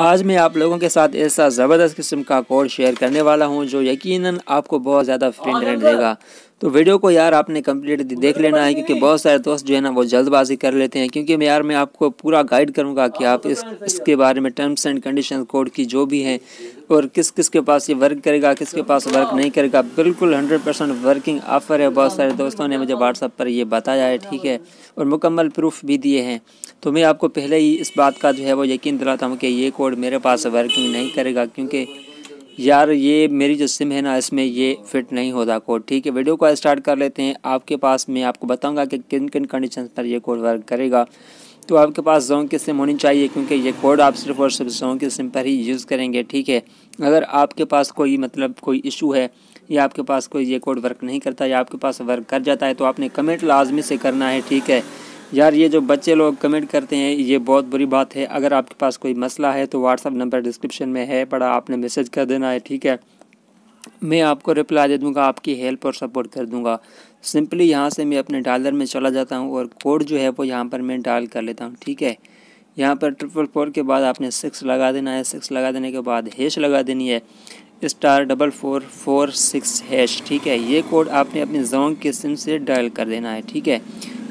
آج میں آپ لوگوں کے ساتھ ایسا زبردست قسم کا کوڈ شیئر کرنے والا ہوں جو یقیناً آپ کو بہت زیادہ فرینڈ رہے گا تو ویڈیو کو یار آپ نے کمپلیٹ دیکھ لینا ہے کیونکہ بہت سارے دوست جو ہے نا وہ جلد بازی کر لیتے ہیں کیونکہ میں یار میں آپ کو پورا گائیڈ کروں گا کہ آپ اس اس کے بارے میں ٹرمس اینڈ کنڈیشن کوڈ کی جو بھی ہیں اور کس کس کے پاس یہ ورک کرے گا کس کے پاس ورک نہیں کرے گا بالکل ہنڈریڈ پرسینٹ ورکنگ آفر ہے بہت سارے دوستوں نے مجھے واٹس اپ پر یہ بتایا ہے ٹھیک ہے اور مکمل پروف بھی دیے ہیں تو میں آپ کو پہلے ہی اس بات کا جو ہے وہ یقین دلاتا ہوں کہ یہ کوڈ میرے پاس ورکنگ نہیں کرے گا کیونکہ یار یہ میری جو سم ہے نا اس میں یہ فٹ نہیں ہوتا کوڈ ٹھیک ہے ویڈیو کو اسٹارٹ کر لیتے ہیں آپ کے پاس میں آپ کو بتاؤں گا کہ کن کن کنڈیشن پر یہ کوڈ ورک کرے گا تو آپ کے پاس زون کی سم ہونی چاہیے کیونکہ یہ کوڈ آپ صرف اور صرف زون کی سم پر ہی یوز کریں گے ٹھیک ہے اگر آپ کے پاس کوئی مطلب کوئی ایشو ہے یا آپ کے پاس کوئی یہ کوڈ ورک نہیں کرتا یا آپ کے پاس ورک کر جاتا ہے تو آپ نے کمنٹ لازمی سے کرنا ہے ٹھیک ہے یار یہ جو بچے لوگ کمنٹ کرتے ہیں یہ بہت بری بات ہے اگر آپ کے پاس کوئی مسئلہ ہے تو واٹس اپ نمبر ڈسکرپشن میں ہے پڑا آپ نے میسج کر دینا ہے ٹھیک ہے میں آپ کو رپلائی دے دوں گا آپ کی ہیلپ اور سپورٹ کر دوں گا سمپلی یہاں سے میں اپنے ڈالر میں چلا جاتا ہوں اور کوڈ جو ہے وہ یہاں پر میں ڈال کر لیتا ہوں ٹھیک ہے یہاں پر ٹرپل فور کے بعد آپ نے سکس لگا دینا ہے سکس لگا دینے کے بعد ہیش لگا دینی ہے star double four four six hash ٹھیک ہے یہ کوڈ آپ نے اپنے زونگ کے سم سے ڈائل کر دینا ہے ٹھیک ہے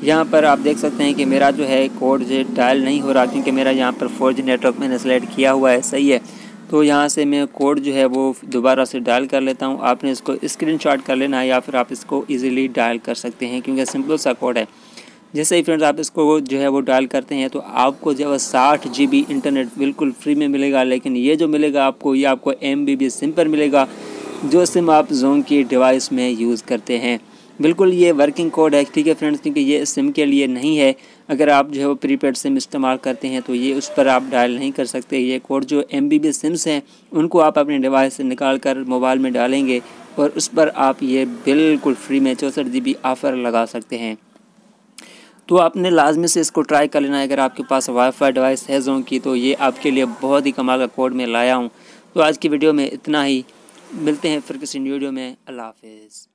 یہاں پر آپ دیکھ سکتے ہیں کہ میرا جو ہے کوڈ جو ڈائل نہیں ہو رہا کیونکہ میرا یہاں پر فور جی نیٹ ورک میں نے سلیٹ کیا ہوا ہے صحیح ہے تو یہاں سے میں کوڈ جو ہے وہ دوبارہ سے ڈائل کر لیتا ہوں آپ نے اس کو اسکرین شاٹ کر لینا یا پھر آپ اس کو ایزیلی ڈائل کر سکتے ہیں کیونکہ سمپل سا کوڈ ہے جیسے ہی فرینڈز آپ اس کو جو ہے وہ ڈائل کرتے ہیں تو آپ کو جو ہے ساٹھ جی بی انٹرنیٹ بالکل فری میں ملے گا لیکن یہ جو ملے گا آپ کو یہ آپ کو ایم بی بی سم پر ملے گا جو سم آپ زون کی ڈیوائس میں یوز کرتے ہیں بالکل یہ ورکنگ کوڈ ہے ٹھیک ہے فرینڈس کیونکہ یہ سم کے لیے نہیں ہے اگر آپ جو ہے وہ پری پیڈ سم استعمال کرتے ہیں تو یہ اس پر آپ ڈائل نہیں کر سکتے یہ کوڈ جو ایم بی بی سمس ہیں ان کو آپ اپنے ڈیوائس سے نکال کر موبائل میں ڈالیں گے اور اس پر آپ یہ بالکل فری میں چونسٹھ جی بی آفر لگا سکتے ہیں تو آپ نے لازمی سے اس کو ٹرائی کر لینا ہے اگر آپ کے پاس وائی فائی ڈیوائس ہے زون کی تو یہ آپ کے لیے بہت ہی کمال کا کوڈ میں لایا ہوں تو آج کی ویڈیو میں اتنا ہی ملتے ہیں پھر کسی ویڈیو میں اللہ حافظ